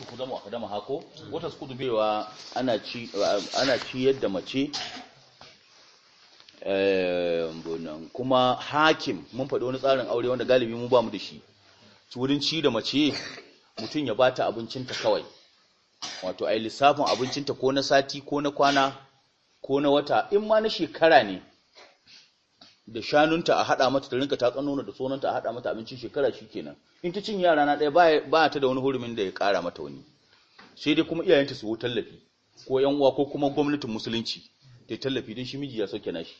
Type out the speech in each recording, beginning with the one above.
wata kudamu a kadama hako wata su kudubewa ana ci yadda mace eh, kuma hakim mun faɗi wani tsarin aure wanda galibi mu ba mu da shi su wurin ci da mace mutum ya bata abincinta kawai wato ai lissafin abincinta ko na sati ko na kwana ko na wata in ma na shekara ne da shanunta a haɗa mata da rinka ta da sonanta a haɗa mata abincin shekara shi kenan in ta cinye yara na ɗaya ba ta da wani hurumin da ya ƙara mata wani sai dai kuma iyayenta su tallafi ko yan uwa ko kuma gwamnatin musulunci ta tallafi don shi miji ya sauke shi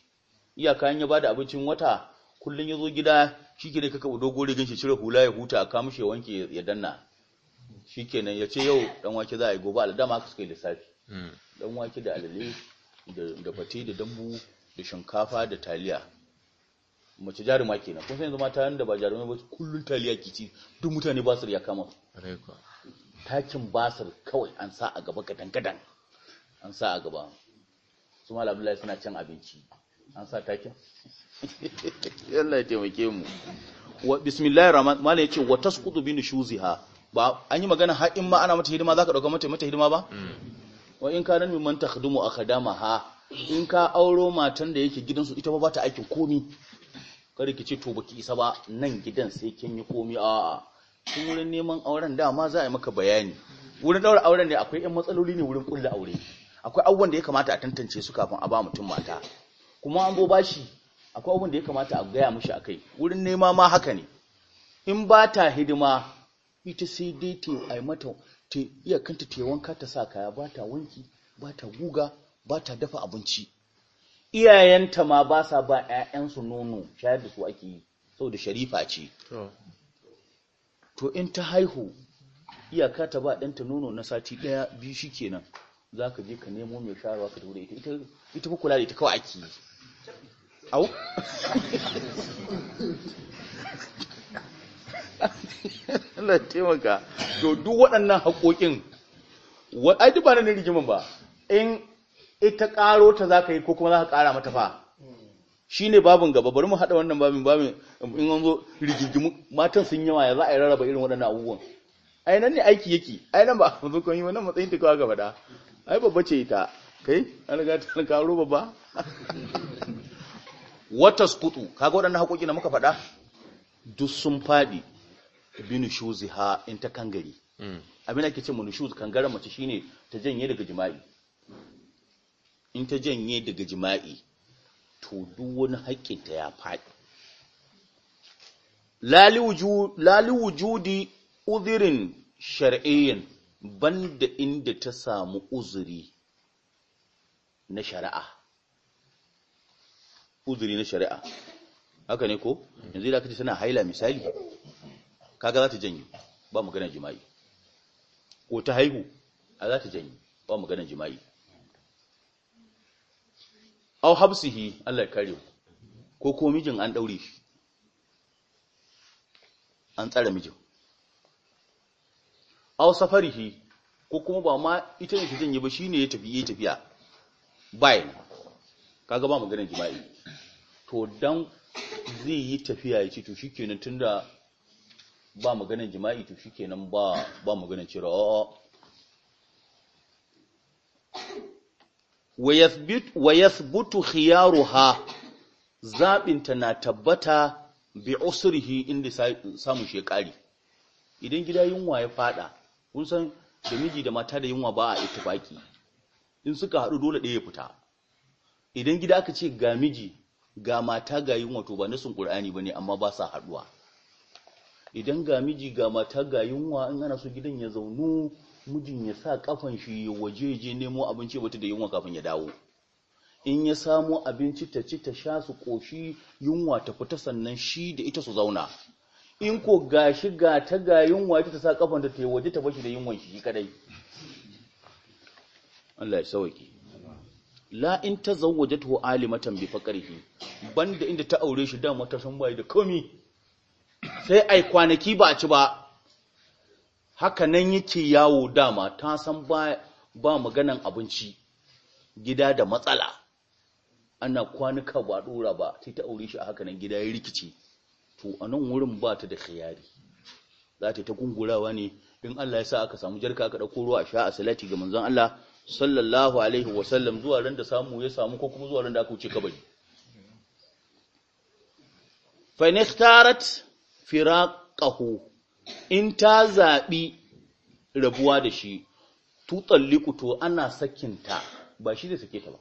iyaka ya ya da abincin wata kullum ya zo gida shi shike ka kaka dogo rigin shi cire hula ya huta ka mishi ya wanke ya danna shi ke nan ya ce yau dan wake za a yi gobe dama aka suka yi lissafi dan hmm. wake da alale da fate da dambu da shinkafa da taliya mace jaruma kenan kun san yanzu mata yadda ba jarumai ba kullun taliya ke ci duk mutane basir ya kama takin basir kawai an sa a gaba gadan gadan an sa a gaba su mal abdullahi suna cin abinci an sa takin Allah ya taimake mu wa bismillahir rahman mala yace wa tasqutu bi nushuziha ba an yi magana har in ma ana mata hidima zaka dauka mata mata hidima ba mm. wa in kana min man takhdumu akhdamaha in ka auro matan da yake gidansu ita ba ba ta aikin komi kar ki ce to baki isa ba nan gidan sai kin yi komi a'a tun wurin neman auren dama za a yi maka bayani wurin daura auren ne akwai 'yan matsaloli ne wurin kulla aure akwai abubuwan da ya kamata a tantance su kafin a ba mutum mata kuma an boba shi akwai abubuwan da ya kamata a gaya mishi a kai wurin nema ma haka ne in ba ta hidima ita sai dai ta yi mata ta iya kanta ta wanka ta sa kaya ba ta wanki ba ta guga ba ta dafa abinci iyayenta ma ba sa ba ‘ya'yansu nono shayar da su ake yi saboda sharifa ce to in ta haihu iyaka ta ba ɗanta nono na sati ɗaya biyu shi kenan za ka je ka nemo mai shayarwa ka daure ita ita kula da ita kawai ake yi au Allah taimaka to duk waɗannan haƙoƙin wa ai duk ba na rigiman ba in ita karo ta za ka yi ko kuma za ka ƙara mata fa shi ne babin gaba bari mu haɗa wannan babin babin in an zo rigigimu matan sun yawa ya za a yi rarraba irin waɗannan abubuwan ai nan ne aiki yake ai nan ba a zo kan yi wannan matsayin ta kawo gaba da ai babba ce ita kai an riga ta karo babba wata skutu kaga waɗannan haƙoƙi na muka faɗa duk sun faɗi binu shuzi ha in ta kangare mm. abin ake ce mu nushuz kangaren mace shine ta janye daga jima'i in ta janye daga jima'i to duk wani haƙƙinta ya faɗi lali wujudi uzirin shar'iyyin banda inda ta samu uzuri na shari'a uzuri na shari'a haka ne ko yanzu da kace tana haila misali kaga za ta janye ba magana jima'i ko ta haihu a za ta janye ba magana jima'i Au habsihi Allah ya kare ko ko mijin an daure shi an tsare mijin Au safarihi ko kuma ba ma ita ne kijin yi ba shine ya tafi ya tafiya bayan kaga ba maganar jima'i to dan zai yi tafiya ya ce to shikenan tunda ba maganar jima'i to shikenan ba ba maganar cewa a'a wa yathbutu khiyaruha zabinta na tabbata bi usrihi inda samu shekari idan gida yunwa ya fada kun san da miji da mata da yunwa ba a ittifaki in suka haɗu dole ɗaya ya fita idan gida aka ce ga miji ga mata ga yunwa to ba nasin qur'ani bane amma ba sa haɗuwa idan ga miji ga mata ga yunwa in ana so gidan ya zaunu mijin ya sa kafan shi waje je nemo abinci wata da yunwa kafin ya dawo in ya samo abinci ta ci ta sha su koshi yunwa ta fita sannan shi da ita su zauna in ko gashi ga ta ga yunwa ta sa kafan ta waje ta bashi da yunwan shi kadai Allah ya sauke la in tazawwajatu alimatan bi faqrihi banda inda ta aure shi da matasan san bai da komi sai ai kwanaki ba a ci ba haka nan yake yawo dama ta san ba, ba maganan abinci gida da matsala ana kwanuka ba dora ba sai ta aure shi a haka nan gida ya rikice to a nan wurin ba ta da khiyari za ta ta gungurawa ne in Allah ya sa aka samu jarka aka dauko ruwa a sha a salati ga manzon Allah sallallahu alaihi wa sallam zuwa ran samu ya samu ko kuma zuwa ran da aka wuce kabari fa in ikhtarat firaqahu in ta zaɓi rabuwa da shi tutsar likuto ana sakinta ba shi da sake ta ba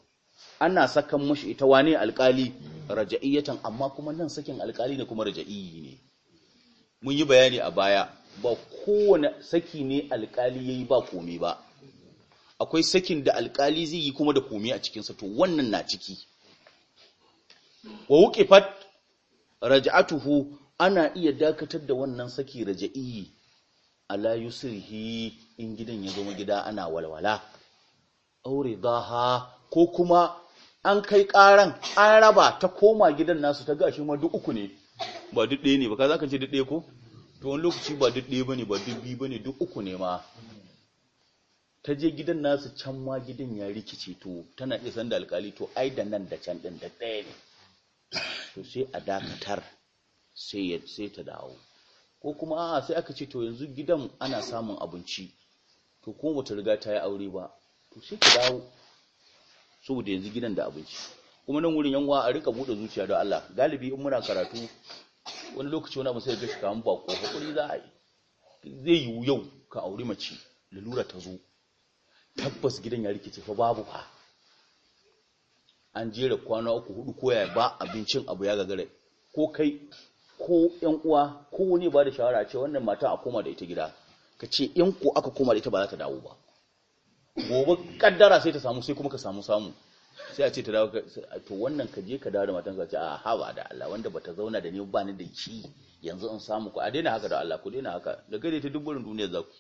ana sakan mashi ita wane alkali raja'iyyatan amma kuma nan sakin alkali ne kuma raja'i ne mun yi bayani a baya ba kowane saki ne alkali yi ba komi ba akwai sakin da alkali zai yi kuma da komi a cikinsa to wannan na ciki wa wuqifat raja'atuhu ana iya dakatar da wannan saki raja'i ala yusrihi in gidan ya zama gida ana walwala aure daha ko kuma an kai karan an raba ta koma gidan nasu ta gashi ma duk uku ne ba duk ɗaya ne ba ka zaka ce duk ɗaya ko to wani lokaci ba duk ɗaya bane ba duk biyu bane duk uku ne ma ta je gidan nasu can ma gidan ya rikice to tana iya san da alkali to ai da nan da can din da ɗaya ne to sai a dakatar sai ta dawo ko kuma a'a sai aka ce to yanzu gidan ana samun abinci to kuma bata riga ta yi aure ba to sai ta dawo saboda yanzu gidan da abinci kuma nan wurin yanwa a rika bude zuciya don Allah galibi in muna karatu wani lokaci wani abu sai ga shi kamar bako hakuri za a yi zai yiwu yau ka aure mace lalura ta zo tabbas gidan ya rikice fa babu fa an jera kwana uku hudu koya ba abincin abu ya gagare ko kai ko ƴan uwa ko wani ba da shawara ce wannan mata a koma da ita gida ka ce in ko aka koma da ita ba za ta dawo ba gobe kaddara sai ta samu sai kuma ka samu samu sai a ce ta dawo to wannan ka je ka dawo da matan sa ce a haba da Allah wanda bata zauna da ni ba ni da shi yanzu in samu ku a daina haka da Allah ku daina haka da gare ta dubburin duniyar za ku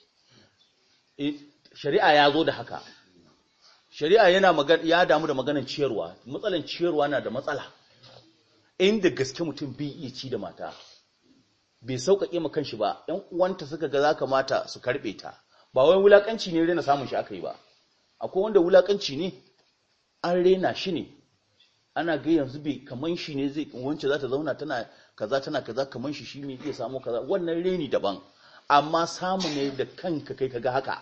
eh, shari'a ya zo da haka shari'a yana ya damu da maganar ciyarwa matsalan ciyarwa na da matsala inda gaske mutum bai iya ci da mata bai sauƙaƙe ma kanshi ba ɗan uwanta suka ga zaka mata su karɓe ta ba wani wulaƙanci ne rena samun shi aka yi ba akwai wanda wulaƙanci ne an rena shi ne ana ga yanzu bai kaman shi ne zai wance za ta zauna tana kaza tana kaza kaman shi shi ne zai samu kaza wannan reni daban amma samu ne da kanka kai ka ga haka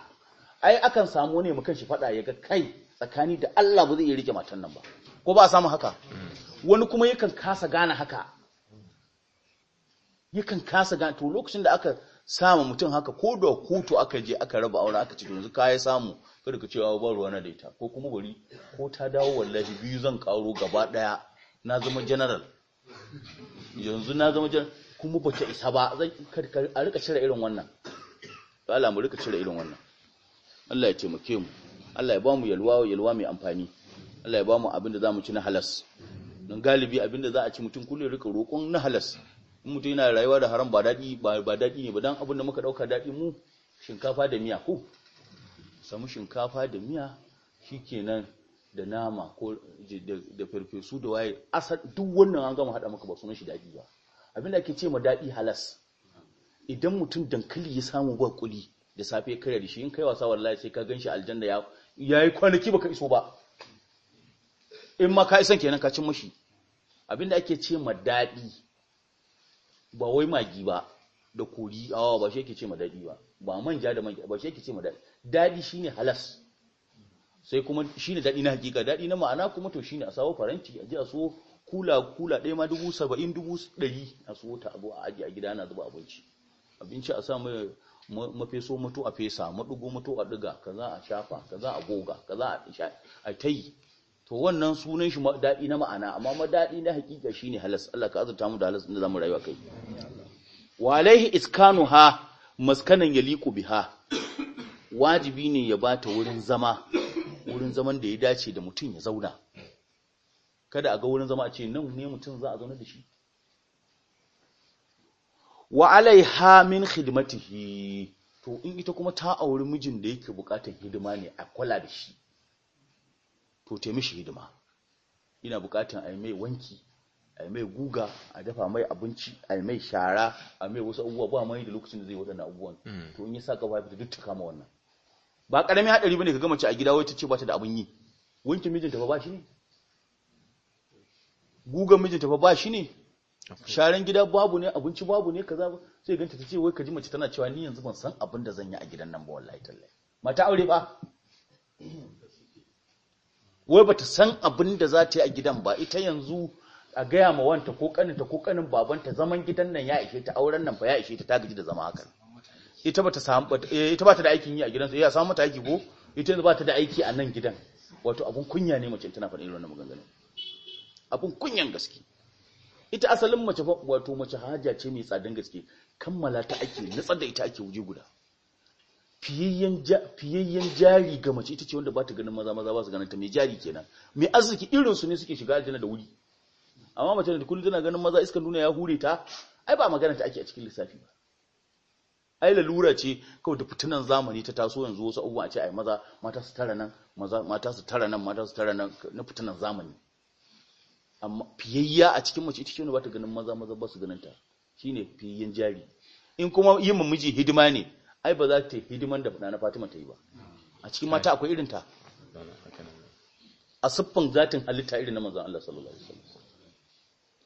ai akan samu ne mu kanshi faɗa ya ga kai tsakani da Allah ba zai iya rike matan nan ba ko ba a samu haka mm. wani kuma yakan kasa gane haka yakan kasa gane to lokacin da aka samu mutum haka ko da kotu aka je aka raba aure aka ci yanzu kai samu kada ka cewa ba ruwa na da ita ko kuma bari ko ta dawo wallahi biyu zan karo gaba daya na zama general yanzu na zama general kuma ba ta isa ba zan a rika cire irin wannan Allah mu rika cire irin wannan Allah ya taimake mu Allah ya ba mu yalwa yalwa mai amfani Allah ya ba mu abin da za mu ci na halas don galibi abinda za a ci mutum kullum rika roƙon na halas in mutum yana rayuwa da haram ba daɗi ba daɗi ne ba don abin da muka ɗauka daɗi mu shinkafa da miya ko samu shinkafa da miya shikenan da nama ko da farfesu da waye asal duk wannan an gama haɗa maka ba sunan shi daɗi ba abin da ake ce ma daɗi halas idan mutum dankali ya samu ba kuli da safe ya da shi in kai wasa wallahi sai ka gan shi aljanna ya yi kwanaki baka iso ba in ma ka isan kenan ka cin mushi. abinda ake ce ma daɗi ba wai magi ba da kori awa ba shi yake ce ma daɗi ba ba manja da manja ba shi yake ce ma daɗi daɗi shine halas sai kuma shine daɗi na hakika daɗi na ma'ana kuma to shine a sawo faranti a ji a so kula kula ɗaya ma dubu saba'in dubu ɗari a so ta abu a aji a gida na zuba abinci abinci a sa mai mafeso mutu a fesa madugo mutu a ɗiga kaza a shafa kaza a goga kaza a a yi to wannan sunan shi daɗi na ma'ana amma madaɗi na hakika shine halas Allah ka azurta mu da halas inda zamu rayuwa kai walaihi iskanuha maskanan yaliqu biha wajibi ne ya bata wurin zama wurin zaman da ya dace da mutum ya zauna kada a ga wurin zama a ce nan ne mutum za a zauna da shi wa alaiha min khidmatihi to in ita kuma ta auri mijin da yake bukatar hidima ne a kula da shi to ta mishi hidima ina bukatan a yi mai wanki a yi mai guga a dafa mai abinci a yi mai shara a mai wasu abubuwa ba mai da lokacin da zai waɗannan abubuwan mm. to in yi sa gaba ya duk ta kama wannan ba ƙaramin haɗari bane ka gama mace a gida wai ta ce bata da abin yi wankin mijinta ba ba shi ne gugan mijinta ba ba shi ne sharan gida babu ne abinci babu ne kaza ba sai ganta ta ce wai ka ji mace tana cewa ni yanzu ban san abin da zan yi a gidan nan ba wallahi tallahi mata aure ba wai bata san abin da za ta yi a gidan ba ita yanzu a gaya ma wanta ko kaninta ko kanin babanta zaman gidan nan ya ishe ta auren nan ba ya ishe ta ta gaji da zama haka ita bata samu eh, ita bata da aikin yi a gidan gidansa ya samu mata aiki ko ita yanzu bata da aiki a nan gidan wato abun kunya ne mace tana faɗin wannan maganganu. abun kunyan gaske ita asalin mace wato mace haja ce mai tsadan gaske kammala ta ake nutsar da ita ake wuje guda fiyayyen jari ga mace ita ce wanda ba ta ganin maza maza ba su ganin ta mai jari kenan mai arziki irin su ne suke shiga aljanna da wuri amma mace da kullum tana ganin maza iskan nuna ya hure ta ai ba magana ta ake a cikin lissafi ba ai lalura ce kawai da fitinan zamani ta taso yanzu wasu abubuwa a ce ai maza mata su tara nan maza mata su tara nan mata su tara nan na fitinan zamani amma fiyayya a cikin mace ita ce wanda ba ta ganin maza maza ba su ganin ta shine fiyayyen jari in kuma yin miji hidima ne ai ba za ta yi hidiman da na Fatima ta yi ba a cikin mata akwai irin ta a siffan zatin halitta irin na maza Allah sallallahu alaihi wasallam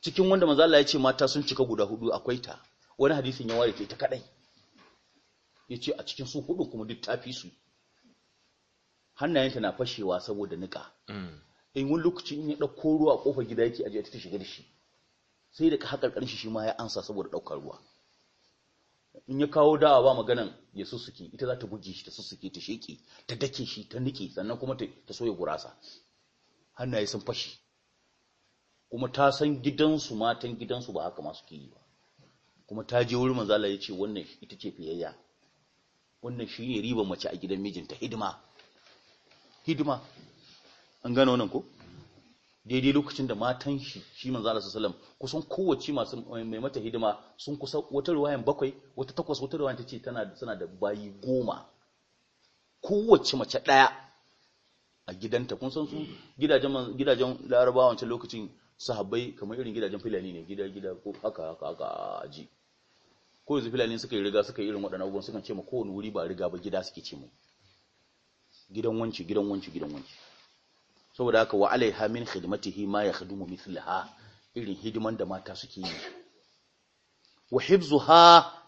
cikin wanda maza Allah ya ce mata sun cika guda hudu akwai ta wani hadisin ya ware ta kadai yace a cikin su hudu kuma duk tafi su hannayenta na fashewa saboda nika in wani lokaci in ya dauko ruwa a ƙofar gida yake aje ta shiga da shi sai da ka haƙarƙarin shi shi ma ya ansa saboda ɗaukar ruwa in ya kawo dawa ba maganan ya sussuke ita za ta buge shi ta sussuke ta sheke ta dake shi ta nike sannan kuma ta soya gurasa hannaye sun fashi kuma ta san gidansu matan gidansu ba haka masu ke yi ba kuma ta je wurin manzala ya ce wannan ita ce fiyayya wannan shi ne riban mace a gidan mijinta hidima hidima an gano nan ko daidai lokacin da matan shi shi manzo Allah sallallahu alaihi wasallam kusan kowace masu mai mata hidima sun kusa wata ruwayan bakwai wata takwas wata ruwayan tace tana tana da bayi goma kowace mace daya a gidanta kun san su gidajen gidajen Larabawa wancan lokacin sahabbai kamar irin gidajen filani ne gida gida ko haka haka haka aji ko yanzu filani suka yi riga suka yi irin waɗannan abubuwan sukan ce ma kowane wuri ba riga ba gida suke ce mu gidan wanci gidan wanci gidan wanci saboda haka wa alaiha min khidmatihi ma yakhdumu mithlaha irin hidiman da mata suke yi wa hibzuha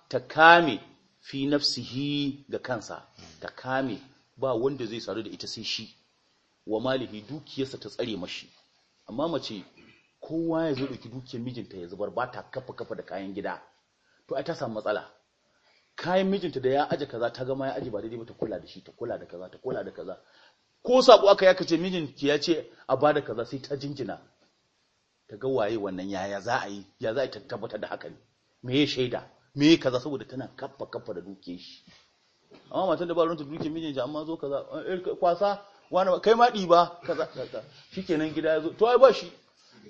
ta kame fi nafsihi ga kansa ta kame ba wanda zai sadu da ita sai shi wa malihi dukiyarsa ta tsare mashi amma mace kowa ya zo dauki dukiyar mijinta ya zubar ba ta kafa kafa da kayan gida to ai ta samu matsala kayan mijinta da ya aje kaza ta gama ya aje ba daidai ba ta kula da shi ta kula da kaza ta kula da kaza ko sabu aka ya kace mijinki ya ce a bada kaza sai ta jingina ta ga waye wannan yaya za a yi ya za a tabbata tabbatar da haka ne me ya shaida me ya kaza saboda tana kaffa kaffa da duke shi amma matan da ba ta duke mijin ji amma zo kaza eh, kwasa wani kai ma ɗiba kaza kaza shikenan gida ya zo to ai ba shi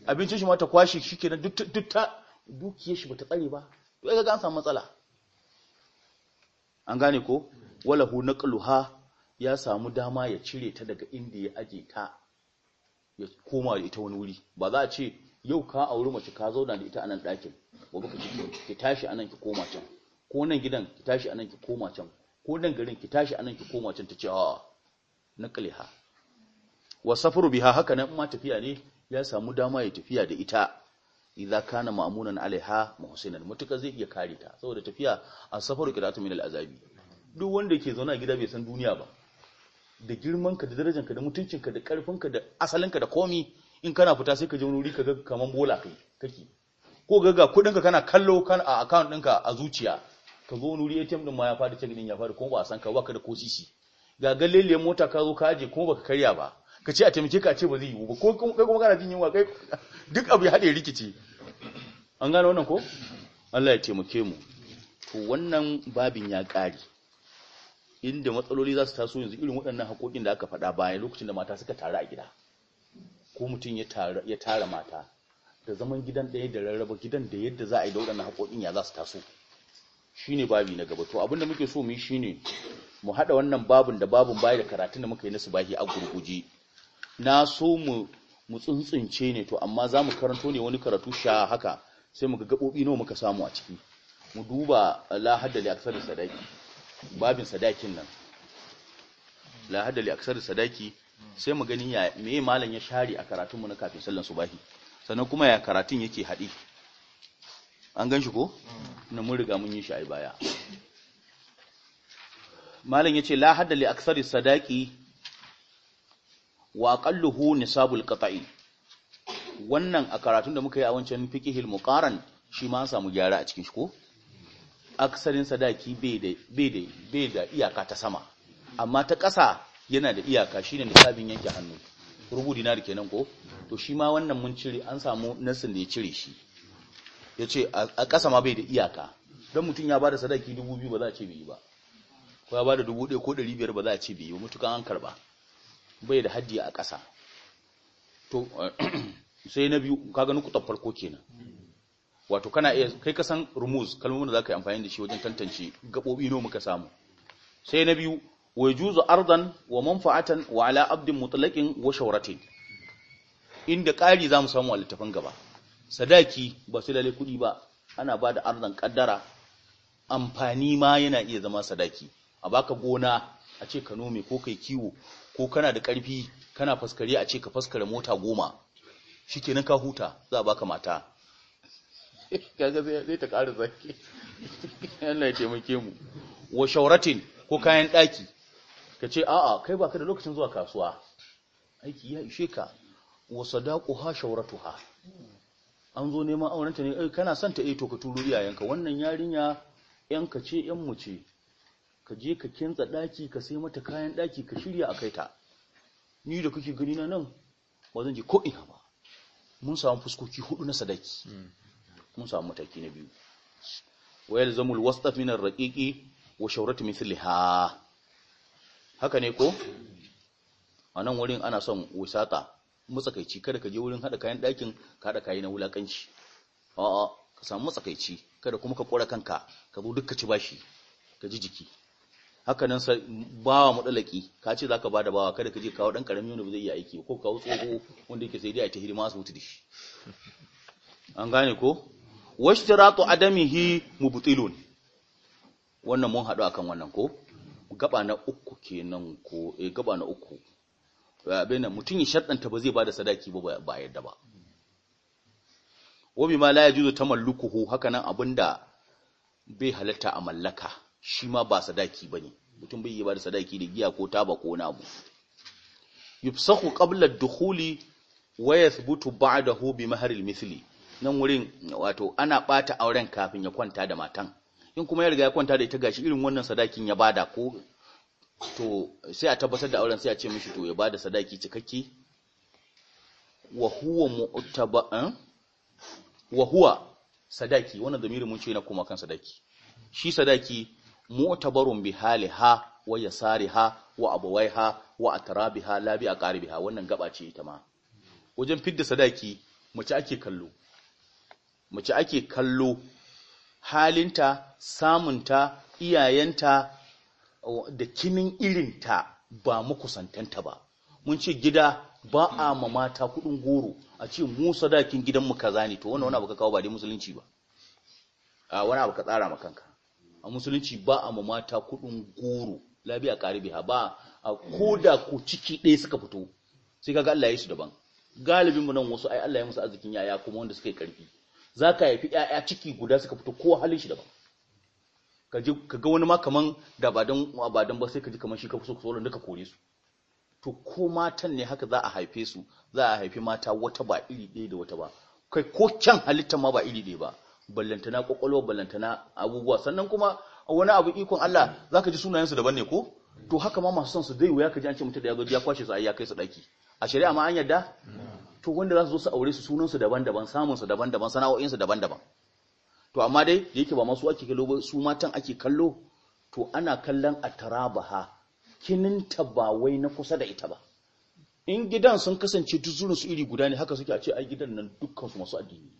abincin shi ma ta kwashi shikenan duk duk ta duke shi bata tsare ba to ai ga an samu matsala an gane ko wala hu naqluha ya samu dama ya cire ta daga inda ya aje ta ya koma da ita wani wuri ba za a ce yau ka auri mace ka zauna da ita a nan ɗakin gobe ka ki tashi a ki koma can ko nan gidan ki tashi a ki koma can ko nan garin ki tashi a ki koma can ta ce a na kaliha wa safaru biha haka nan ma tafiya ne ya samu dama ya tafiya da ita idza kana ma'munan alaiha muhsinan mutuka zai iya kare ta saboda tafiya a safaru qira'atu min al'azabi duk wanda ke zauna gida bai san duniya ba da girmanka da darajanka da mutuncinka da karfinka da asalinka da komi in kana fita sai ka je wuri ka ga kaman bola kai kake ko ga ga kudinka kana kallo kan a account ɗinka a zuciya ka zo wuri ATM din ma ya fadi check din ya fadi ko ba san ka ba ka da ko sisi ga lele mota ka zo ka aje ba baka karya ba ka ce a taimake ka ce ba zai yiwu ba ko kai kuma kana jin yunwa kai duk abu ya hade rikici an gane wannan ko Allah ya taimake mu to wannan babin ya kare inda matsaloli za su taso yanzu irin waɗannan haƙoƙin da aka faɗa bayan lokacin da mata suka taru a gida ko mutum ya tara mata da zaman gidan ɗaya da rarraba gidan da yadda za a yi da waɗannan haƙoƙin ya za su taso shi babi na gaba to abinda muke so mu yi shi ne, mu haɗa wannan babin da babin bayi da karatun da muka yi na subahi a gurguje na so mu mu tsuntsunce ne to amma za mu karanto ne wani karatu sha haka sai mu ga gaɓoɓi nawa muka samu a ciki mu duba a haddali aksar sadaki babin sadakin nan la hada aksar sadaki sai mu gani ya me malam ya share a karatunmu na kafin sallan subahi sannan kuma ya karatun yake haɗi an gan shi ko na mun riga mun yi shi a baya malam yace la hada aksar sadaki wa aqalluhu nisabul qata'i wannan a karatun da muka yi a wancan fiqhil muqaran shi ma samu gyara a cikin shi ko aksarin sadaki bai da iyaka ta sama amma ta ƙasa yana da iyaka shine sabin yanke hannu rubu dinar kenan ko to shi ma wannan mun cire an samu nasin da ya cire shi yace a ƙasa ma bai da iyaka dan mutum ya bada sadaki 2000 ba za a ce bai ba ko ya bada 1000 ko biyar ba za a ce bai ba mutukan an karba bai da haddi a ƙasa to sai na biyu kaga nukutar farko kenan wato kana iya kai ka san rumuz kalmomin da za ka yi amfani da shi wajen tantance gabobi ne muka samu sai na biyu wai juzu ardan wa manfa'atan wa ala abdin mutlaqin wa shawratin inda ƙari zamu samu a littafin gaba sadaki ba su lalle kuɗi ba ana ba da ardan kaddara amfani ma yana iya zama sadaki a baka gona a ce ka nome ko kai kiwo ko kana da ƙarfi kana faskare a ce ka faskare mota goma shikenan ka huta za a baka mata kaga zai ta ƙara zaki Allah ya taimake mu wa shauratin ko kayan ɗaki ka ce a'a kai baka da lokacin zuwa kasuwa aiki ya ishe ka wa Shauratu ha? an zo neman aurenta ne kana son ta eto eh, ka turo iyayenka wannan yarinya ka ce yan mu ce ka je ka kintsa ɗaki ka sai mata kayan ɗaki ka shirya a kai ta ni da kake gani na nan ba zan je ko ina ba mun samu fuskoki hudu na sadaki hmm. mun samu mataki na biyu wa yalzamul wasf min ar-raqiqi wa shawratu mithliha haka ne ko a nan wurin ana son wusata matsakaici kada ka je wurin hada kayan dakin ka hada kayi na wulakanci a'a ka samu matsakaici kada kuma ka kora kanka ka bu dukka ci bashi ka ji jiki haka nan bawa mudalaki ka ce zaka bada bawa kada ka je kawo dan karami wanda ba zai yi aiki ko kawo tsoho wanda yake sai dai a tahiri hidima asibiti da shi an gane ko washtiratu adamihi mubtilun wannan mun haɗu akan wannan ko gaba na uku kenan ko eh gaba na uku abin mutum ya shaddanta ba zai bada sadaki ba ba yadda ba wabi ma la yajuzu tamallukuhu haka nan abinda bai halatta a mallaka shi ma ba sadaki bane mutum bai yi bada sadaki da giya ko taba ko na abu yufsahu qabla ad-dukhuli wa yathbutu ba'dahu bi mahr mithli nan wurin wato ana ɓata auren kafin ya kwanta da matan in kuma ya riga ya kwanta da ita gashi irin wannan sadakin ya bada ko to sai a tabbatar da auren sai a ce mishi to ya bada sadaki cikakke wa huwa mu'taba'an eh? wa huwa sadaki wannan zamiri mun ce na kuma kan sadaki shi sadaki mu'tabarun bi haliha wa yasariha wa abawaiha wa atrabiha la bi aqaribiha wannan gaba ce ita ma wajen fidda sadaki mace ake kallo mace ake kallo halinta samunta iyayenta uh, da kinin irinta ba makusantanta ba mun ce gida ba a ma mata kudin goro a ce mu sadakin gidanmu kaza ne to wannan wani abu ka kawo ba dai musulunci ba a wani abu ka tsara ma kanka a musulunci ba a ma mata kudin goro karibi ha ba a koda ko ciki ɗaya suka fito sai kaga Allah ya su daban galibin mu nan wasu ai Allah ya musu arzikin yaya kuma wanda suka yi karfi za ka haifi ‘ya'ya ciki guda suka fito ko halin shi daban ka ga wani ma kaman da ba ba sai ka ji kaman shi ka fi so ka tsoron duka kore su to ko matan ne haka za a haife su za a haifi mata wata ba iri ɗaya da wata ba kai ko can halitta ma ba iri ɗaya ba ballantana kwakwalwa ballantana abubuwa sannan kuma wani abu ikon Allah za ka ji sunayen su daban ne ko to haka ma masu son su dai wuya ka ji an ce mutum da ya zo ya kwashe su ai ya kai su daki a shari'a ma an yarda to wanda za su zo su aure su sunansu daban-daban samunsu daban-daban sana'o'insu daban-daban to amma dai da yake ba masu ake kallo ba su matan ake kallo to ana kallon a tarabaha kininta ba wai na kusa da ita ba in gidan sun kasance duk su iri guda ne haka suke a ce ai gidan nan su masu addini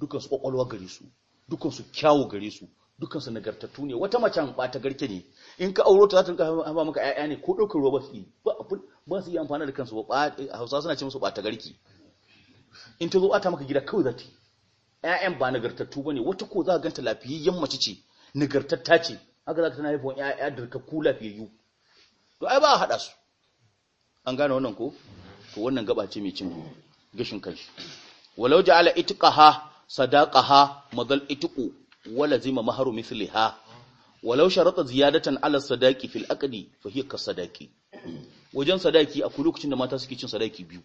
su kwakwalwa gare su dukkan su kyawu gare su dukkan su nagartattu ne wata mace ba ta garke ne in ka auro ta za ta rinka haifa maka ƴaƴa ne ko ɗaukar ruwa ba su yi ba su yi amfani da kansu ba hausa suna ce musu ba ta garki in ta zo ata maka gida kawai yi. ƴaƴan ba nagartattu bane wata ko za ka ganta lafiyayyen mace ce nagartatta ce haka za ka tana haifuwan ƴaƴa darkakku lafiyayyu to ai ba a haɗa su an gane wannan ko to wannan gaba ce mai cin gashin kanshi walau ja'ala itqaha sadaqaha madal itqu wala zima maharu mithliha walau sharata ziyadatan ala sadaqi fil aqdi fa hiya kasadaqi wajen sadaki akwai lokacin da mata suke cin sadaki biyu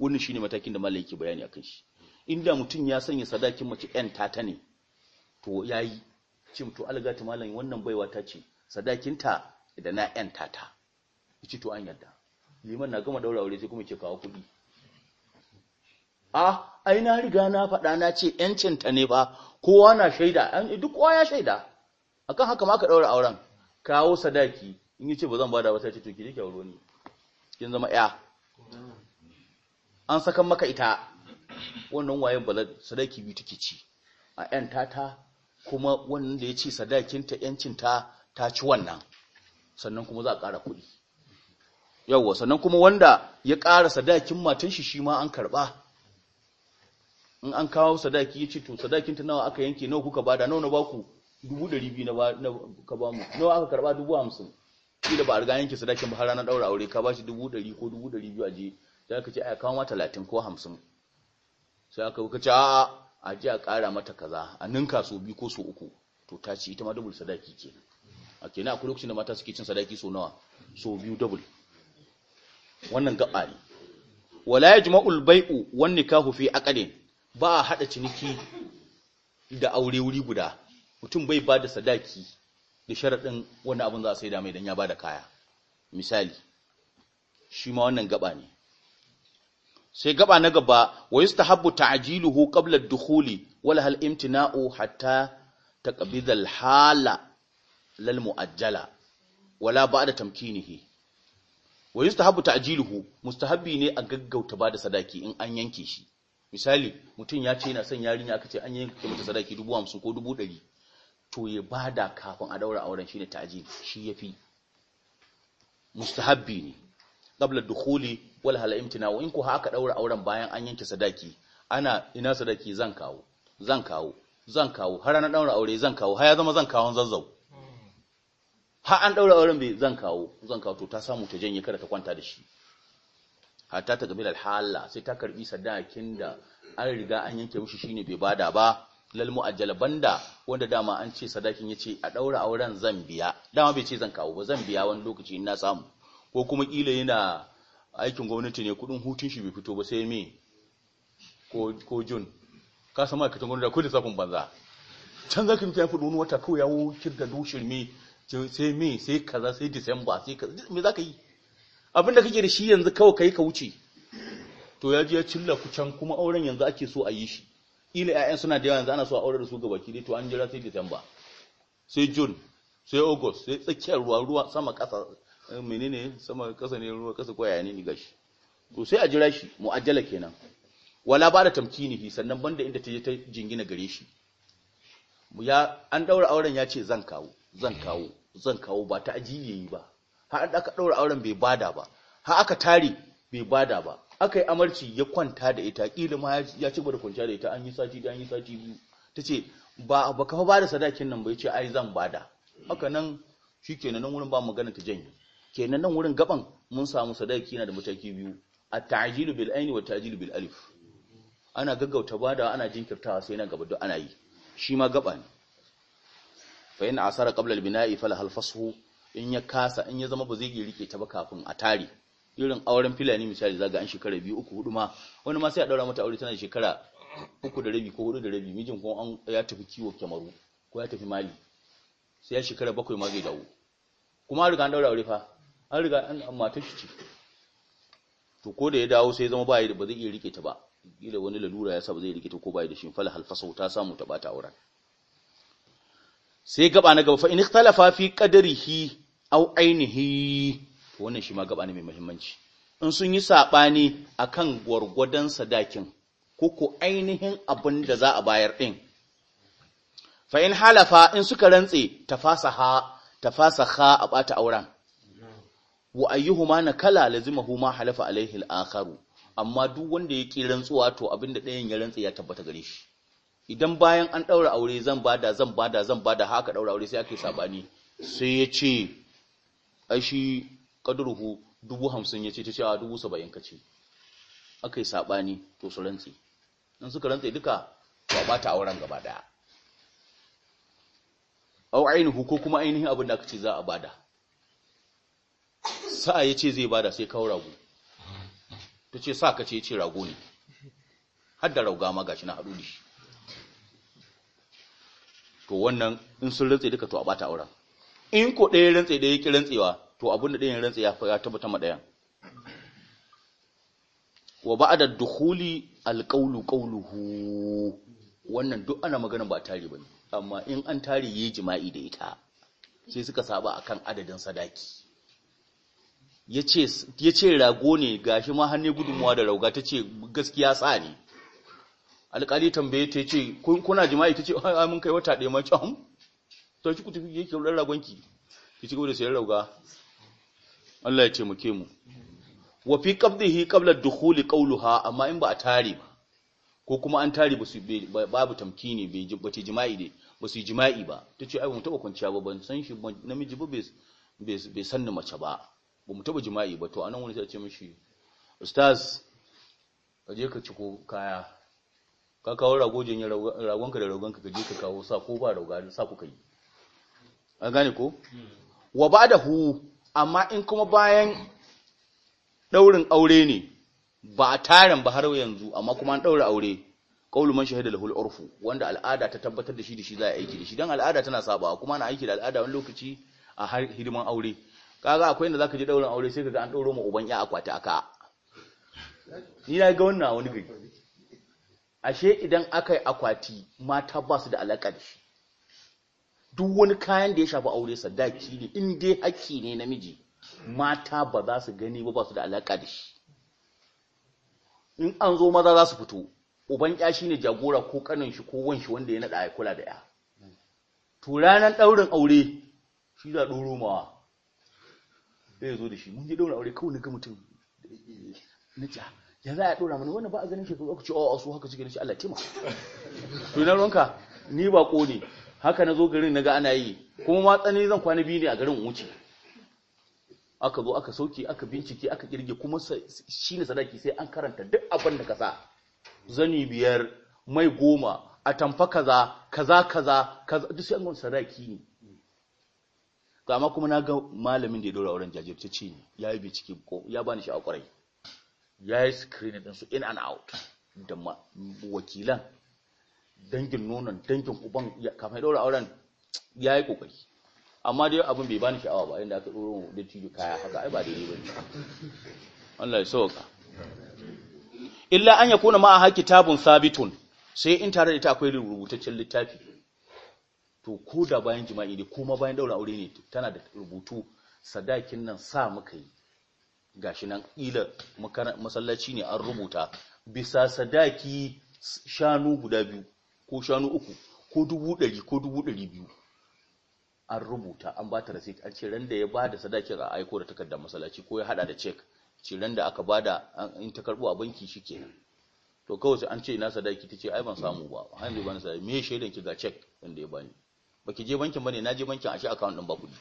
wannan shine matakin da malai yake bayani akan shi inda mutum ya sanya sadakin mace ƴan tata ne to yayi ce to alga ta malam wannan baiwa ta ce sadakinta da na ƴan tata yace to an yarda liman na gama daura aure sai kuma ke kawo kuɗi a ah, ai na riga na faɗa na ce yancinta ne ba kowa na shaida duk kowa ya shaida akan haka ma ka daura auren kawo sadaki in yace ba zan bada ba sai ce to ki je ki auro ni kin zama ya an sakan maka ita wannan waye balad sadaki biyu take ci a yan tata kuma wannan da ya ce sadakinta yancinta ta ci wannan sannan kuma za a ƙara kuɗi yawwa sannan kuma wanda ya ƙara sadakin matan shi shi ma an karɓa in an kawo sadaki ya ce to sadakinta nawa aka yanke nawa kuka bada nawa na baku dubu ɗari biyu na ka ba mu nawa aka karɓa dubu hamsin shi da ba a riga yanke sadakin ba har ranar ɗaura aure ka ba shi dubu ɗari ko dubu ɗari biyu a je sai aka ce a kawo ma talatin ko hamsin sai aka wuka ce a a ji a ƙara mata kaza a ninka so biyu ko so uku to ta ci ita ma dubul sadaki ke a kenan akwai lokacin da mata suke cin sadaki so nawa so biyu dubul wannan gaba ne wala yajma'ul bai'u wan nikahu fi aqdin ba a hada ciniki da aure wuri guda mutum bai ba da sadaki da sharaɗin wani abin za a sai da mai don ya ba da kaya misali shi ma wannan gaba ne sai gaba na gaba wa yustahabbu ta'jiluhu qabla ad-dukhuli wala hal imtina'u hatta ta al-hala lal mu'ajjala wala ba'da tamkinihi wa yustahabbu ta'jiluhu mustahabbi ne a gaggauta ba da sadaki in an yanke shi misali mutum ya ce yana son yarinya aka ce an yanke mata sadaki 50 ko 100 to ya bada kafin a daura auren shi shine ta'jil shi yafi mustahabbi ne qabla dukhuli wal hal imtina'u in ku haka daura auren bayan an yanke sadaki ana ina sadaki zan kawo zan kawo zan kawo har na daura aure zan kawo har ya zama zan kawon zazzau ha an daura auren bai zan kawo zan kawo to ta samu ta janye kada ta kwanta da shi hatta ta gabi alhala sai ta karbi sadakin da an riga an yanke mishi shine bai bada ba lal mu'ajjal banda wanda dama an ce sadakin yace a daura auren zan biya dama bai ce zan kawo ba zan biya wani lokaci in na samu ko kuma kila yana aikin gwamnati ne kudin hutun shi bai fito ba sai me ko jun ka sama a ma'aikatan gwamnati da kudi zafin banza can zaka mutu ya fi wani wata kawai ya wukir da dushir me sai me sai kaza sai disamba sai kaza za ka yi abin da kake da shi yanzu kawai ka yi ka wuce to ya ji ya cilla ku can kuma auren yanzu ake so a yi shi ila 'ya'yan suna da yawa yanzu ana so a aure da su gaba baki dai to an jira sai disamba sai jun sai august sai tsakiyar ruwa ruwa sama ƙasa Eh, menene sama kasa ne ruwa kasa kwaya ne ni gashi to sai a jira shi mu'ajjala kenan wala ba da tamkinihi sannan banda inda ta je ta jingina gare shi ya an daura auren ya ce zan kawo zan kawo zan kawo ba ta ajiye yi ba har an aka daura auren bai bada ba har aka tare bai bada ba aka yi amarci ya kwanta da ita kila ma ya ci da kwanciya da ita an yi sati da an yi sati biyu ta ce ba ba fa bada sadakin nan ba ya ce ai zan bada haka nan shikenan nan wurin ba magana ta janye kenan nan wurin gaban mun samu sadaki na da mataki biyu a tajilu bil aini wa ta'jilu bil alif ana gaggauta bada ana jinkirtawa sai na gaba duk ana yi shi ma gaba ne fa in asara qabla al-bina'i fala hal fasu in ya kasa in ya zama ba zai rike ta ba kafin a tare irin auren filani misali zaga an shekara biyu uku hudu ma wani ma sai a daura mata aure tana shekara uku da rabi ko hudu da rabi mijin ko an ya tafi kiwo kamaru ko ya tafi mali sai ya shekara bakwai ma zai dawo kuma an riga an daura aure fa an riga an mata shi ce to ko da ya dawo sai zama bai ba zai iya rike ta ba kila wani lalura ya sa ba zai rike ta ko bayi da shi fal halfasau ta samu ta bata auren sai gaba na gaba fa in ikhtalafa fi qadarihi aw ainihi wannan shi ma gaba ne mai muhimmanci in sun yi sabani akan gwargwadon sadakin ko ko ainihin abin da za a bayar din fa in halafa in suka rantse tafasaha tafasaha a bata auren wa ayyuhuma kala lazima ma halafa alaihi al-akharu amma duk wanda ya rantsuwa to abinda ɗayan ya rantsa ya tabbata gare shi idan bayan an daura aure zan bada zan bada zan bada haka daura aure sai ake sabani sai ya ce ashi kadruhu dubu hamsin ya ce ta cewa dubu saba'in ka ce aka yi saɓani to su rantse in suka rantse duka ba ta auren gaba daya au ainihu ko kuma ainihin abin da aka ce za a bada sa'a ya ce zai bada sai kawo rago ta ce sa ka ce ce rago ne har da rauga ma gashi na haɗu ne. to wannan in sun rantse duka to a bata auren in ko ɗaya rantse ɗaya ki rantsewa to abin da ɗaya rantse ya tabbatar ma ɗayan wa ba da dukhuli alqawlu qawluhu wannan duk ana magana ba tare ba ne. amma in an tare yi jima'i da ita sai suka saba akan adadin sadaki ya ce rago ne ga shi ma hannun gudunmuwa da rauga ta ce gaskiya sa ne alƙali tambaye ta ce kuna jima'i ta ce a mun kai wata ɗaya mace ta ci kutu yake rudar ragonki ki ci gaba da sayar rauga Allah ya taimake mu wa fi qabdihi qabla dukhuli qawluha amma in ba a tare ba ko kuma an tare ba su babu tamkini ba ta jima'i ne ba su jima'i ba Ta ce ai mun taɓa kwanciya ba ban san shi namiji ba bai san ni mace ba ba mu taba jima'i ba to anan wani ta ce mishi ustaz ka je ka ciko kaya ka kawo ragojin ragonka da ragonka ka je ka kawo sa ko ba rauga sa ku kai an gane ko wa ba'dahu amma in kuma bayan daurin aure ne ba a tarin ba har yanzu amma kuma an daura aure qaulu man shahida lahul urfu wanda al'ada ta tabbatar da shi da shi za a aiki da shi dan al'ada tana sabawa kuma ana aiki da al'ada wani lokaci a hidiman aure kaga akwai inda zaka je daurin aure sai kaga an dauro ma uban ya akwati aka ni na ga wannan wani gari ashe idan aka yi akwati mata ba su da alaka da shi duk wani kayan da ya shafi aure sadaki ne in dai haƙƙi ne namiji mata ba za su gani ba ba su da alaka da shi in an zo maza za su fito uban ya shine jagora ko kanin shi ko wanshi wanda ya nada ya kula da ya to ranar daurin aure shi da doro zai ya zo da shi mun je daura aure kawai na ga mutum eh, na ja ya za a daura mana wannan ba a ganin shekaru aka ce a su haka cikin shi Allah tima to na ruwanka ni ba ko ne haka na zo garin na ga ana yi kuma ma tsani zan kwana biyu ne a garin wuce aka zo aka sauke aka bincike aka kirge kuma shine sadaki sai an karanta duk abin da ka sa zani biyar mai goma a tamfa kaza kaza kaza kaza duk sai an gwamnati sadaki ne to amma kuma na ga malamin da ya dora auren jajirtacce ne ya yi bincike ya bani shi a kwarai ya yi screening su in and out da wakilan dangin nonon dangin uban kafin ya dora auren ya yi kokari amma dai abin bai bani sha'awa ba inda aka dora da tijo kaya haka ai ba daidai ba ne Allah ya sauka illa an yakuna ma a tabun sabitun sai in tare da ita akwai rubutaccen littafi to ko da bayan jima'i ne kuma bayan daura aure ne tana da rubutu sadakin nan sa muka yi gashi nan ila masallaci ne an rubuta bisa sadaki shanu guda biyu ko shanu uku ko dubu ɗari ko dubu ɗari biyu an rubuta an ba ta rasit an ce ran da ya ba da sadakin a aiko da takarda masallaci ko ya hada da cek ciran da aka ba da in ta karbo a banki shikenan to kawai an ce ina sadaki ta ce ai ban samu ba har ba na sadaki me shaidan ki ga cek inda ya bani baki je bankin bane na je bankin ashe account din ba kudi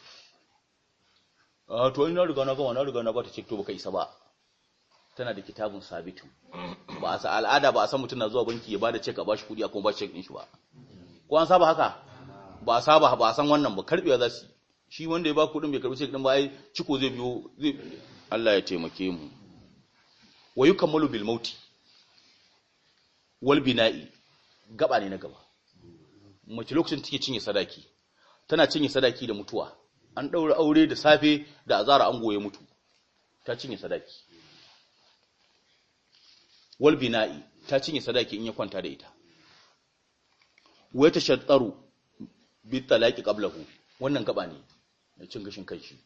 a ah, to ina riga na gama na riga na ba ta ce to baka isa ba tana da kitabun sabitin ba a sa al'ada ba a san mutum na zuwa banki ya bada check a bashi kudi a kuma bashi check din shi ba ko an saba haka ba a saba ba a san wannan ba karbewa za su shi wanda ya ba kudin bai karbi check din ba ai ciko zai biyo zai Allah ya taimake mu wa yukammalu bil mauti wal bina'i gaba ne na gaba mace lokacin take cinye sadaki tana cinye sadaki da mutuwa an daura aure da safe da azara an goye mutu ta cinye sadaki wal bina'i ta cinye sadaki in ya kwanta da ita wai ta shartaru bi talaqi qablahu wannan gaba ne da cin gashin kanshi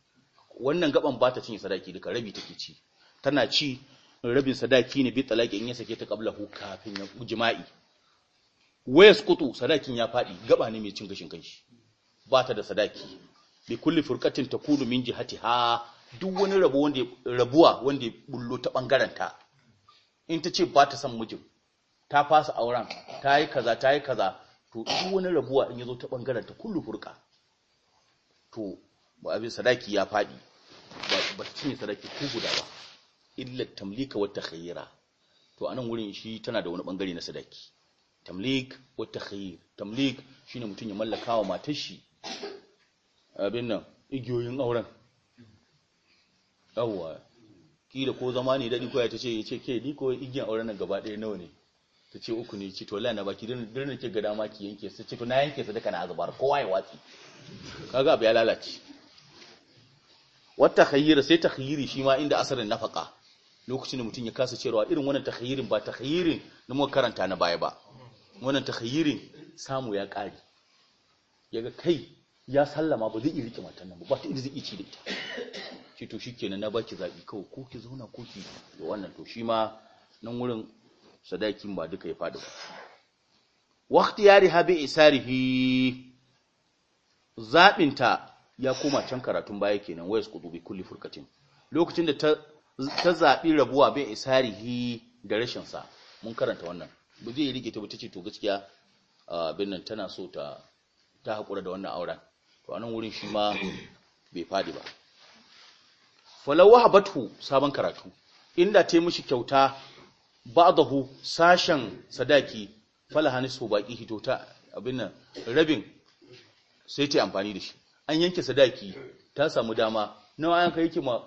wannan gaban ba ta cinye sadaki duka rabi take ci tana ci rabin sadaki ne bi talaqi in ya sake ta qablahu kafin jima'i wayas kutu sadakin ya faɗi, gaba ne mai cin gashin kanshi ba ta da sadaki bi kulli furqatin kulu min Ha duk wani rabo wanda rabuwa wanda ya bullo ta bangaren ta in ta ce ba ta san mijin ta fasa auren ta yi kaza ta yi kaza to duk wani rabuwa in yazo ta bangaren ta kullu furqa to ba abin sadaki ya faɗi. ba ta cinye sadaki ko guda ba illa tamlika wa takhayyira to anan wurin shi tana da wani bangare na sadaki tamlik wa takhyir tamlik shine mutum ya mallaka wa matar shi abin nan igiyoyin auren yawwa kila ko zama ne dadi ce tace yace ke ni ko igiyan auren nan gaba ɗaya nawa ne tace uku ne ce to wallahi na baki dirin ke ga dama ki yanke su ce to na yanke su duka na azubar kowa ya watsi kaga abu ya lalace wata khayyira sai takhayyiri shi ma inda asarin nafaka lokacin da mutum ya kasa cewa irin wannan takhayyirin ba takhayyirin na mu karanta na baya ba wannan takhayirin samu ya ƙari yaga kai ya sallama ba zai iya rike matan nan ba ta iri zai ci da ita ce to shikenan na baki zabi kawai ko ki zauna ko ki da wannan to shi ma nan wurin sadakin ba duka ya fada ba waqti yari habi isarihi ta ya koma can karatun baya kenan wayas qutubi kulli furkatin lokacin da ta ta zabi rabuwa bin isarihi da rashin sa mun karanta wannan ba zai rike ta ba tace to gaskiya abin nan tana so ta ta hakura da wannan auren to anan wurin shi ma bai fadi ba Falauwaha wahabatu sabon karatu inda ta yi mishi kyauta ba'dahu sashen sadaki falaha so baƙi hito ta abin nan rabin sai ta yi amfani da shi an yanke sadaki ta samu dama nawa an kai yake ma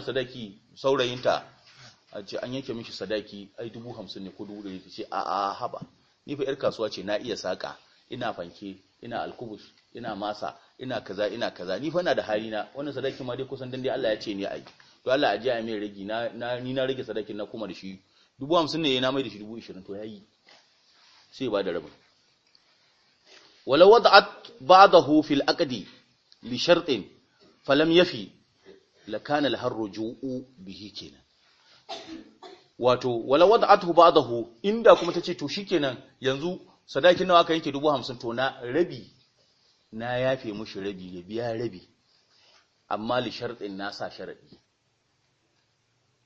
sadaki saurayinta a ce an yanke mishi sadaki ai dubu hamsin ne ko dubu ɗari ta ce a a haba ni fa yar kasuwa ce na iya saka ina fanke ina alkubus ina masa ina kaza ina kaza ni fa na da hali na wannan sadaki ma dai kusan dan Allah ya ce ni ai to Allah a jiya mai rage na ni na rage sadakin na kuma da shi dubu hamsin ne na mai da shi dubu ishirin to yayi sai ba da rabin wala wad'at ba'dahu fil aqdi li shartin falam yafi lakana al harruju bihi kenan wato wala wada'athu ba'dahu inda kuma tace to shikenan yanzu sadakin nawa aka yanke 50 to na rabi na yafe mushi rabi ya biya rabi amma li shartin na sa sharadi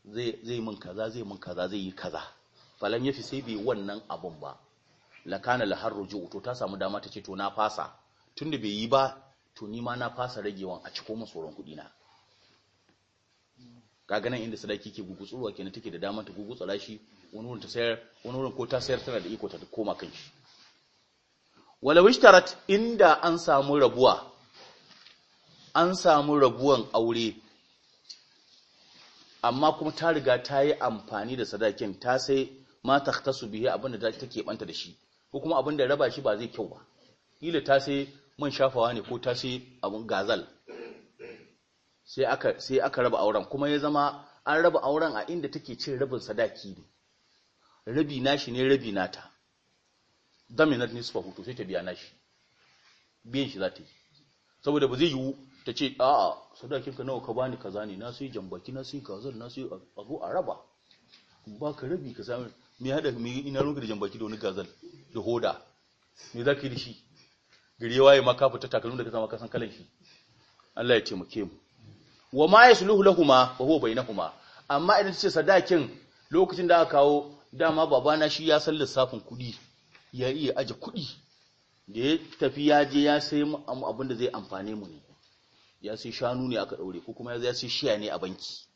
zai zai min kaza zai min kaza zai yi kaza falan yafi sai bai wannan abun ba lakana laharruju to ta samu dama tace to na fasa tunda bai yi ba to ni ma na fasa ragewan a ciko musu ran kudi na kaga nan inda sadaki ke gugutsuwa kenan take da damar ta gugutsura shi wani wurin ta sayar wani wurin ko ta sayar tana da iko ta koma kan shi wala ishtarat inda an samu rabuwa an samu rabuwan aure amma kuma ta riga ta yi amfani da sadakin ta sai ma takhtasu bihi abinda take banta da shi ko kuma abinda raba shi ba zai kyau ba kila ta sai man shafawa ne ko ta sai abun gazal sai aka sai aka raba auren kuma ya zama an raba auren a inda take cin rabin sadaki ne rabi nashi ne rabi nata daminat nisfa hutu sai ta biya nashi biyan shi za ta yi saboda ba zai yiwu ta ce a'a sadakin ka nawa ka bani kaza ne na sai jambaki na sai kazar na sai abu a raba ba ka rabi ka sami me hada me ina ruka da jambaki da wani gazal da hoda me zaka yi da shi gare waye ma ka fita takalmin da ka zama ka san kalan shi Allah ya taimake mu wa ma yasluhu lahumu wa huwa bainahuma amma idan ce sadakin lokacin da aka kawo dama babana shi ya san lissafin kuɗi ya iya aje kuɗi da ya tafi ya je ya sai mu abin da zai amfane mu ne ya sai shanu ne aka daure ko kuma ya sai shiya ne a banki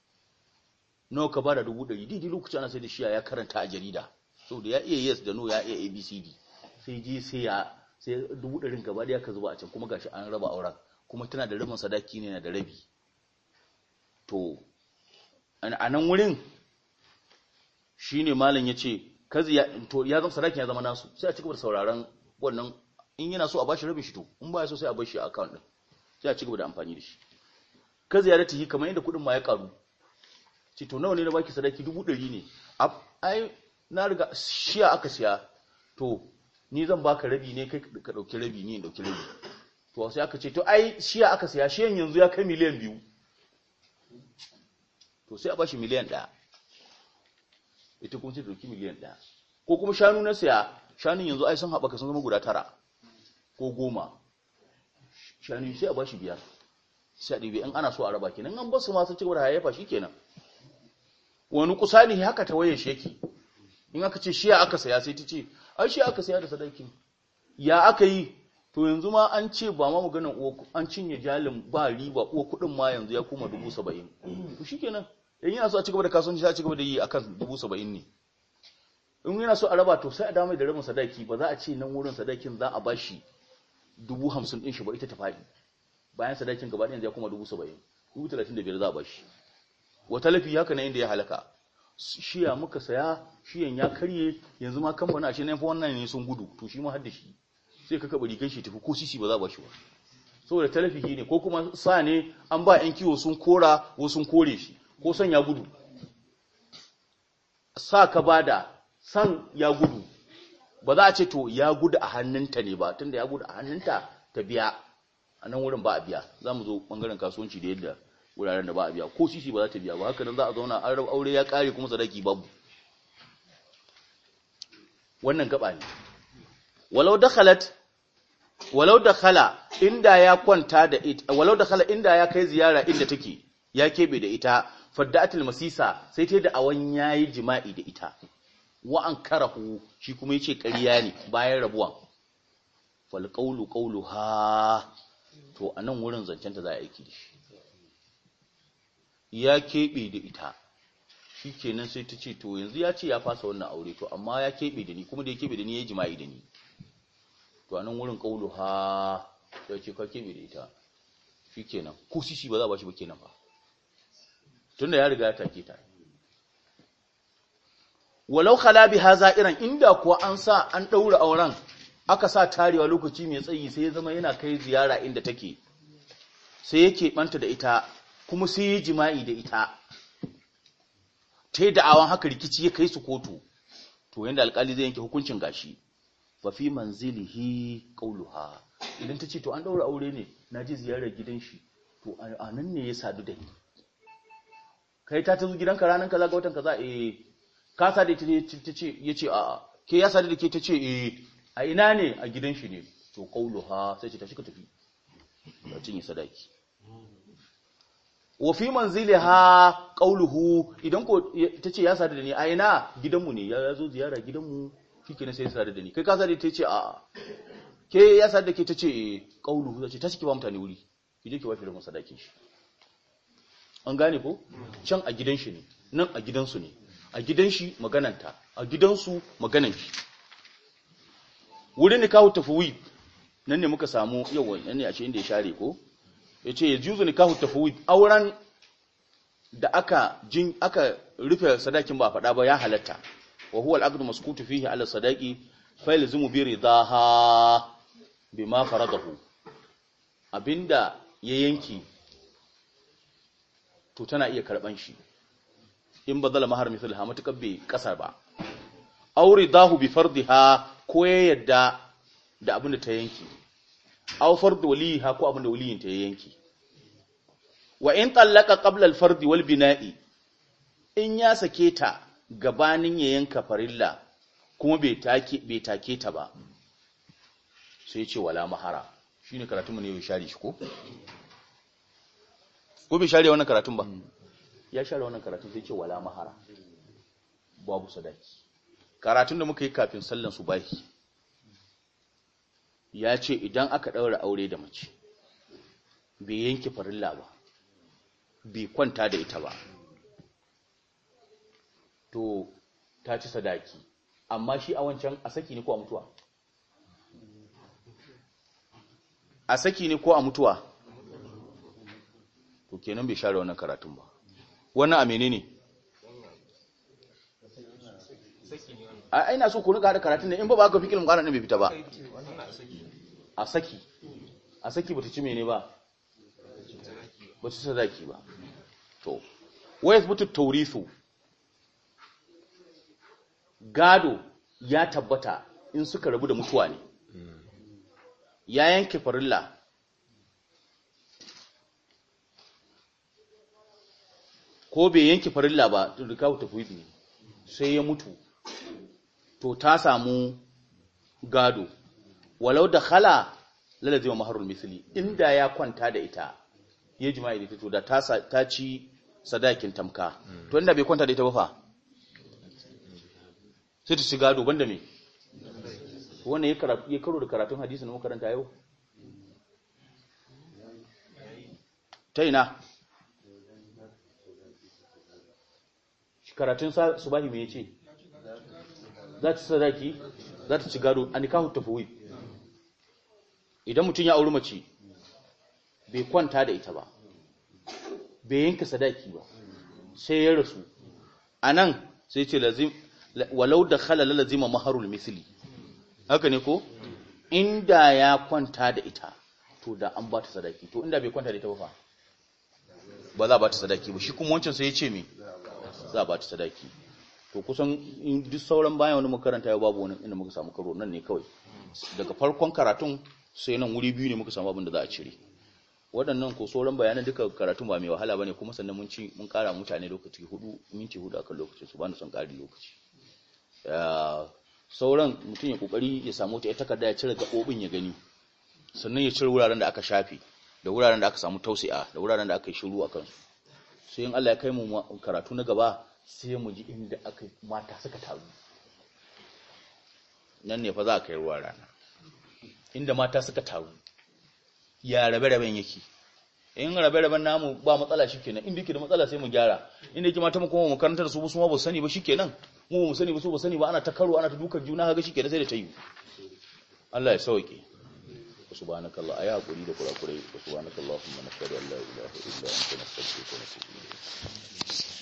nawa ka bada dubu ɗari didi lokacin ana sai da shiya ya karanta a jarida so da ya iya yes da no ya iya abcd sai je sai ya sai dubu ɗarin gaba ɗaya ka zuba a can kuma gashi an raba auren kuma tana da rabin sadaki ne na da rabi to a nan wurin shine malam yace kazi ya to ya zama sadakin ya zama nasu sai a cigaba da sauraron wannan in yana so a bashi rabin shi to in baya so sai a bashi a account din sai a cigaba da amfani da shi kazi ya ratihi kamar yadda kudin ma ya karu ce to nawa ne na baki sadaki dubu ɗari ne ai na riga shiya aka siya to ni zan baka rabi ne kai ka ɗauki rabi ni in ɗauki rabi to sai aka ce to ai shiya aka siya shi yanzu ya kai miliyan biyu to sai a bashi miliyan ɗaya ita kuma sai doki miliyan ɗaya ko kuma shanu na siya shanun yanzu ai sun haɓaka sun zama guda tara ko goma shanu sai a bashi biyar sai a ɗibe in ana so a raba kenan an basu masu cewar da hayayyafa shi kenan wani kusa ne haka ta waye shi yake in aka ce shi aka saya sai ta ce ai shi aka saya da sadaki ya aka yi to yanzu ma an ce ba ma maganar an cinye jalin ba riba uwa kuɗin ma yanzu ya koma dubu saba'in to shi kenan Eh, in yana so a cigaba da kasuwanci sai a cigaba da yi akan dubu saba'in ne in yana so a raba to sai a damar da rabin sadaki ba za a ce nan wurin sadakin za a bashi dubu hamsin ɗin shi ba ita ta faɗi bayan sadakin gaba ɗayan zai kuma dubu saba'in dubu talatin da biyar za a bashi wa talafi haka na inda ya halaka shiya muka saya shiyan ya karye yanzu ma kamfani a shi na wannan ne sun gudu to shi ma hadda shi sai ka kaɓa rigar shi tafi ko sisi ba za a bashi ba saboda talafi ne ko kuma sa ne an ba 'yan kiwo sun kora ko sun kore shi ko son ya gudu sa ka bada san ya gudu ba za a ce to ya gudu a hannunta ne ba tunda ya gudu a hannunta ta biya a nan wurin ba a biya za mu zo ɓangaren kasuwanci da yadda wuraren da ba a biya ko sisi ba za ta biya ba haka nan za a zauna an aure ya ƙare kuma sadaki babu wannan gaba ne walau dakhalat walau inda ya kwanta da ita walau khala inda ya kai ziyara inda take ya kebe da ita faddatul masisa sai ta da ya yayi jima'i da ita wa an karahu shi kuma yace ƙarya ne bayan rabuwa fal qawlu qawluha to anan wurin zancen ta za a aiki da shi ya kebe da ita shikenan sai ta ce to yanzu ya ce ya fasa wannan aure to amma ya kebe da ni kuma da ya kebe da ni yayi jima'i da ni to anan wurin qawluha sai ce ka kebe da ita shikenan ko sisi ba za ba shi ba kenan ba tunda ya riga ya take ta walau khala bi haza iran inda kuwa an sa an daura auren aka sa tarewa lokaci mai tsayi sai ya zama yana kai ziyara inda take sai yake banta da ita kuma sai ya jima'i da ita tai da awan haka rikici ya kai su kotu to yanda alkali zai yanke hukuncin gashi fa fi manzilihi qauluha idan tace to an daura aure ne na ziyara ziyarar gidan shi to a nan ne ya sadu da ni kai ta tazo gidanka ranan kaza ga watan kaza eh ka sade ta ce yace a? ke ya sade da ke ta ce eh a ina ne a gidan shi ne to qauluha sai ce shi ka tafi ka cinye sadaki wa fi manziliha qauluhu idan ko ta ce ya sadu da ni a ina gidanmu ne ya zo ziyara gidanmu ne sai ya sadu da ni kai ka sadu ta ce a ke ya sadu da ke ta ce eh. qauluhu sai ta ki ba mutane wuri ki je ki wafe da masadakin shi an gane ko can a gidan shi ne nan a gidan su ne a gidan shi magananta a su maganan shi wurin nikahu tafwid nan ne muka samu yau nan ne a ce inda ya share ko yace yajuzu nikahu tafwid auren da aka jin aka rufe sadakin ba faɗa ba ya halatta wa huwa al'aqdu maskutu fihi ala sadaqi fa yalzimu bi ridaha bima faradahu abinda ya yanki to tana iya karban shi in badala mahar mithlaha matukar bai kasa ba aure dahu bi fardiha ko ya yadda da abin da ta yanki aw fardu waliha ko abin da waliyin ta yanki wa in tallaka qabla al fardi wal bina'i in ya sake ta gabanin ya yanka farilla kuma bai take bai take ta ba sai ya ce wala mahara shine mu ne ya share shi ko ko bai share wannan karatun ba mm. ya share wannan karatun sai ce wala mahara babu sadaki karatun da muka yi kafin sallan subahi ya ce idan aka daura aure da mace bai yanke farilla ba bai kwanta da ita ba to ta ci sadaki amma shi a wancan a saki ne ko a mutuwa a saki ne ko a mutuwa to kenan bai share wannan karatun ba wannan a menene ai ina so ku rika da karatun ne in ba ba ka fikil muqaran bai fita ba a saki a saki bata ci mene ba bata ci sadaki ba to su yathbutu tawrisu gado ya tabbata in suka rabu da mutuwa ne ya yanke farilla ko bai yanke farilla ba to rikabu tafwid ne sai ya mutu to ta samu gado walau da khala lalazi wa maharul misli inda ya kwanta da ita ya jima'i da ita to da ta ci sadakin tamka to inda bai kwanta da ita ba fa sai ta ci gado banda me wannan ya karatu ya karo da karatun hadisi na makaranta yau ta karatun subahi mai ce za ta sadaki za ta ci gado a nikahu tafwid idan mutum ya auri mace bai kwanta da ita ba bai yanka sadaki ba sai ya rasu A nan sai ce walau da khalala lazima maharul misili haka ne ko inda ya kwanta da ita to da an ba ta sadaki to inda bai kwanta da ita ba fa ba za ba ta sadaki ba shi kuma wancan sai ya ce me za a baci sadaki to kusan duk sauran bayan wani makaranta ya babu wani inda muka samu karo nan ne kawai daga farkon karatun sai nan wuri biyu ne muka samu abin da za a cire waɗannan ko sauran bayanan duka karatun ba mai wahala bane kuma sannan mun ci mun ƙara mutane lokaci hudu minti hudu akan lokaci su bani son kari lokaci sauran mutum ya kokari ya samu ta takarda ya cire gabobin ya gani sannan ya cire wuraren da aka shafe da wuraren da aka samu tausi'a da wuraren da aka yi shiru a kansu sai in Allah ya kai mu karatu na gaba sai mu ji inda aka mata suka taru nan ne fa za ka yi ruwa rana inda mata suka taru ya rabe-raben yake in rabe-raben namu ba matsala shikenan inda yake da matsala sai mu gyara inda yake mata mu kuma mu karanta da su su ma ba sani ba shikenan mu ba mu sani ba su ba sani ba ana ta karo ana ta dukar juna kaga shikenan sai da ta yi Allah ya sauke wasu subhanakallah ayi hakuri da kurakurai subhanakallahumma ya an la ilaha illa anta nastaghfiruka wa na ilayk